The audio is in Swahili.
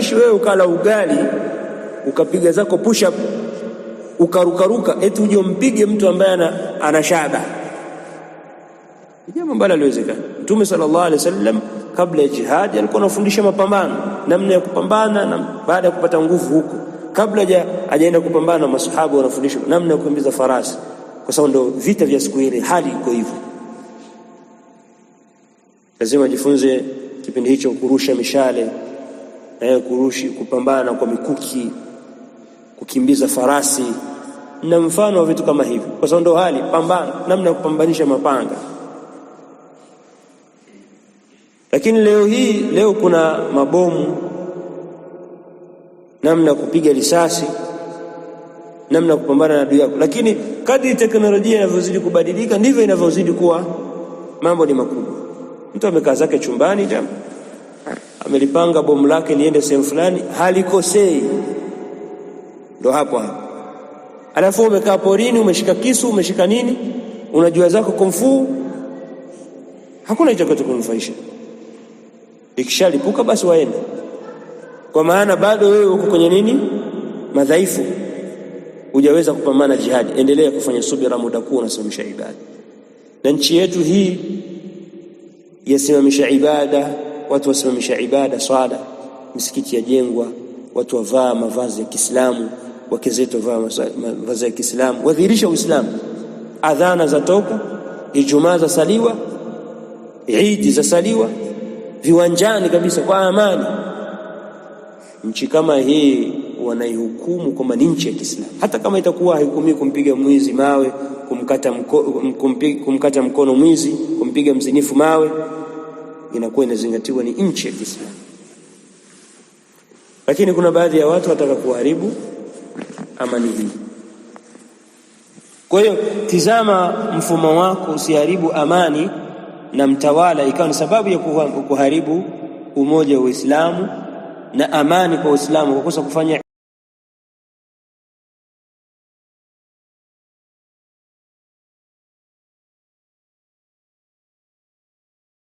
Haijalishi wewe ukala ugali ukapiga zako push up ukarukaruka, eti uje mpige mtu ambaye ana, ana shaba, jambo ambalo haliwezekana. Mtume sallallahu alaihi wasallam kabla ya jihadi alikuwa anafundisha mapambano, namna ya kupambana na baada ya kupata nguvu huko, kabla ajaenda kupambana, na masahaba wanafundishwa namna ya kukimbiza farasi, kwa sababu ndio vita vya siku ile, hali iko hivyo. Lazima ajifunze kipindi hicho kurusha mishale eh, kurushi, kupambana kwa mikuki, kukimbiza farasi na mfano wa vitu kama hivyo, kwa sababu ndo hali pambana, namna ya kupambanisha mapanga. Lakini leo hii, leo kuna mabomu, namna ya kupiga risasi, namna ya kupambana na adui yako. Lakini kadri teknolojia inavyozidi kubadilika, ndivyo inavyozidi kuwa mambo ni makubwa. Mtu amekaa zake chumbani jam amelipanga bomu lake liende sehemu fulani, halikosei. Ndo hapo hapo. Alafu umekaa porini, umeshika kisu, umeshika nini, unajua zako kumfuu, hakuna hicho kitu kunufaisha. Ikishalipuka basi waende, kwa maana bado wewe uko kwenye nini, madhaifu, hujaweza kupambana jihadi. Endelea kufanya subira, muda kuu unasimamisha ibada, na nchi yetu hii yasimamisha ibada watu wasimamisha ibada swala, misikiti yajengwa, watu wavaa mavazi ya Kiislamu, wake zetu wavaa mavazi ya Kiislamu, wadhirisha Uislamu. Adhana za toka, Ijumaa za saliwa, Idi za saliwa viwanjani kabisa kwa amani. Nchi kama hii wanaihukumu kwamba ni nchi ya Kiislamu, hata kama itakuwa haihukumii kumpiga mwizi mawe, kumkata mko, kumpiga, kumkata mkono mwizi, kumpiga mzinifu mawe inakuwa inazingatiwa ni nchi ya Kiislamu. Lakini kuna baadhi ya watu wataka kuharibu amani hii. Kwa hiyo tizama mfumo wako usiharibu amani na mtawala ikawa ni sababu ya kuharibu umoja wa Uislamu na amani kwa Uislamu kwa kosa kufanya